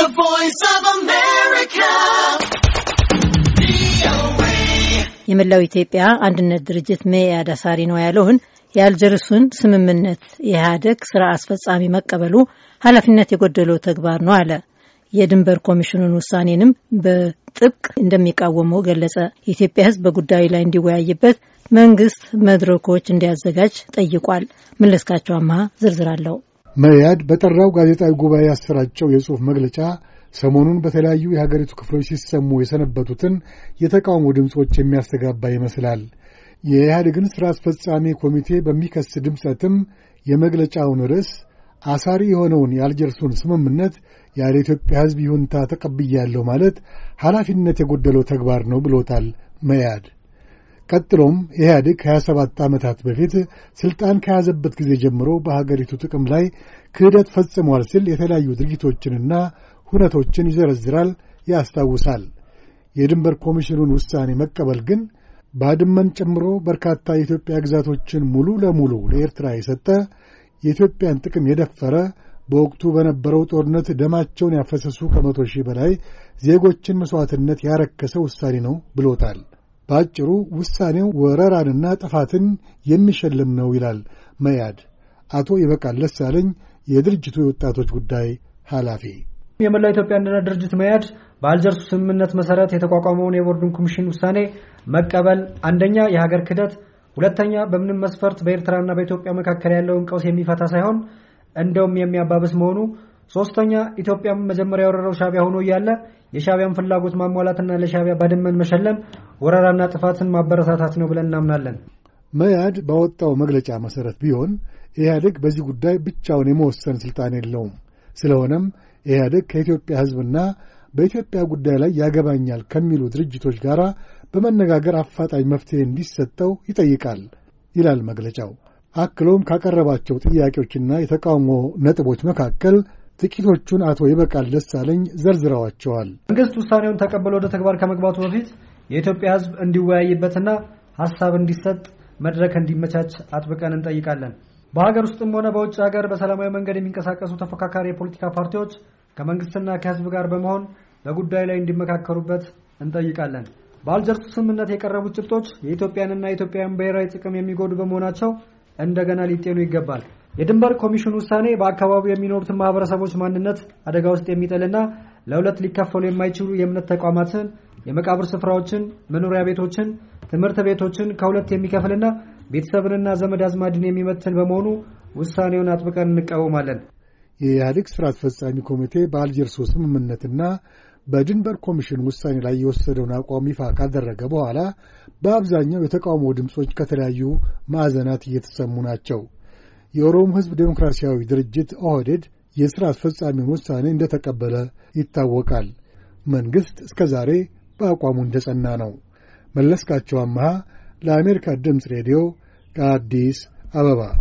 The Voice of America. የመላው ኢትዮጵያ አንድነት ድርጅት መኢአድ አሳሪ ነው ያለውን የአልጀርሱን ስምምነት የኢህአዴግ ስራ አስፈጻሚ መቀበሉ ኃላፊነት የጎደለው ተግባር ነው አለ። የድንበር ኮሚሽኑን ውሳኔንም በጥብቅ እንደሚቃወመው ገለጸ። የኢትዮጵያ ሕዝብ በጉዳዩ ላይ እንዲወያይበት መንግስት መድረኮች እንዲያዘጋጅ ጠይቋል። መለስካቸው አማሃ ዝርዝር አለው። መያድ በጠራው ጋዜጣዊ ጉባኤ ያሰራጨው የጽሑፍ መግለጫ ሰሞኑን በተለያዩ የሀገሪቱ ክፍሎች ሲሰሙ የሰነበቱትን የተቃውሞ ድምፆች የሚያስተጋባ ይመስላል። የኢህአዴግን ሥራ አስፈጻሚ ኮሚቴ በሚከስ ድምፀትም የመግለጫውን ርዕስ አሳሪ የሆነውን የአልጀርሱን ስምምነት ያለ ኢትዮጵያ ሕዝብ ይሁንታ ተቀብያለሁ ማለት ኃላፊነት የጎደለው ተግባር ነው ብሎታል መያድ ቀጥሎም ኢህአዴግ ከ27 ዓመታት በፊት ሥልጣን ከያዘበት ጊዜ ጀምሮ በሀገሪቱ ጥቅም ላይ ክህደት ፈጽሟል ሲል የተለያዩ ድርጊቶችንና ሁነቶችን ይዘረዝራል፣ ያስታውሳል። የድንበር ኮሚሽኑን ውሳኔ መቀበል ግን ባድመን ጨምሮ በርካታ የኢትዮጵያ ግዛቶችን ሙሉ ለሙሉ ለኤርትራ የሰጠ የኢትዮጵያን ጥቅም የደፈረ በወቅቱ በነበረው ጦርነት ደማቸውን ያፈሰሱ ከመቶ ሺህ በላይ ዜጎችን መሥዋዕትነት ያረከሰ ውሳኔ ነው ብሎታል። በአጭሩ ውሳኔው ወረራንና ጥፋትን የሚሸልም ነው ይላል መያድ። አቶ ይበቃል ደሳለኝ የድርጅቱ የወጣቶች ጉዳይ ኃላፊ የመላው ኢትዮጵያ አንድነት ድርጅት መያድ በአልጀርሱ ስምምነት መሰረት የተቋቋመውን የቦርዱን ኮሚሽን ውሳኔ መቀበል አንደኛ የሀገር ክደት ሁለተኛ በምንም መስፈርት በኤርትራና በኢትዮጵያ መካከል ያለውን ቀውስ የሚፈታ ሳይሆን እንደውም የሚያባብስ መሆኑ ሶስተኛ ኢትዮጵያም መጀመሪያ የወረረው ሻቢያ ሆኖ እያለ የሻቢያን ፍላጎት ማሟላትና ለሻቢያ ባድመን መሸለም ወረራና ጥፋትን ማበረታታት ነው ብለን እናምናለን። መያድ ባወጣው መግለጫ መሠረት ቢሆን ኢህአዴግ በዚህ ጉዳይ ብቻውን የመወሰን ስልጣን የለውም። ስለሆነም ኢህአዴግ ከኢትዮጵያ ሕዝብና በኢትዮጵያ ጉዳይ ላይ ያገባኛል ከሚሉ ድርጅቶች ጋር በመነጋገር አፋጣኝ መፍትሄ እንዲሰጠው ይጠይቃል ይላል መግለጫው። አክሎም ካቀረባቸው ጥያቄዎችና የተቃውሞ ነጥቦች መካከል ጥቂቶቹን አቶ ይበቃል ደሳለኝ ዘርዝረዋቸዋል። መንግስት ውሳኔውን ተቀብሎ ወደ ተግባር ከመግባቱ በፊት የኢትዮጵያ ሕዝብ እንዲወያይበትና ሀሳብ እንዲሰጥ መድረክ እንዲመቻች አጥብቀን እንጠይቃለን። በሀገር ውስጥም ሆነ በውጭ ሀገር በሰላማዊ መንገድ የሚንቀሳቀሱ ተፎካካሪ የፖለቲካ ፓርቲዎች ከመንግስትና ከህዝብ ጋር በመሆን በጉዳዩ ላይ እንዲመካከሩበት እንጠይቃለን። በአልጀርሱ ስምምነት የቀረቡት ጭብጦች የኢትዮጵያንና የኢትዮጵያን ብሔራዊ ጥቅም የሚጎዱ በመሆናቸው እንደገና ሊጤኑ ይገባል። የድንበር ኮሚሽን ውሳኔ በአካባቢው የሚኖሩትን ማህበረሰቦች ማንነት አደጋ ውስጥ የሚጥልና ለሁለት ሊከፈሉ የማይችሉ የእምነት ተቋማትን፣ የመቃብር ስፍራዎችን፣ መኖሪያ ቤቶችን፣ ትምህርት ቤቶችን ከሁለት የሚከፍልና ቤተሰብንና ዘመድ አዝማድን የሚመትን በመሆኑ ውሳኔውን አጥብቀን እንቃወማለን። የኢህአዴግ ስራ አስፈጻሚ ኮሚቴ በአልጀርሱ ስምምነትና በድንበር ኮሚሽን ውሳኔ ላይ የወሰደውን አቋም ይፋ ካደረገ በኋላ በአብዛኛው የተቃውሞ ድምፆች ከተለያዩ ማዕዘናት እየተሰሙ ናቸው። የኦሮሞ ሕዝብ ዴሞክራሲያዊ ድርጅት ኦህዴድ የሥራ አስፈጻሚውን ውሳኔ እንደተቀበለ ይታወቃል። መንግሥት እስከ ዛሬ በአቋሙ እንደጸና ነው። መለስካቸው አመሃ ለአሜሪካ ድምፅ ሬዲዮ ከአዲስ አበባ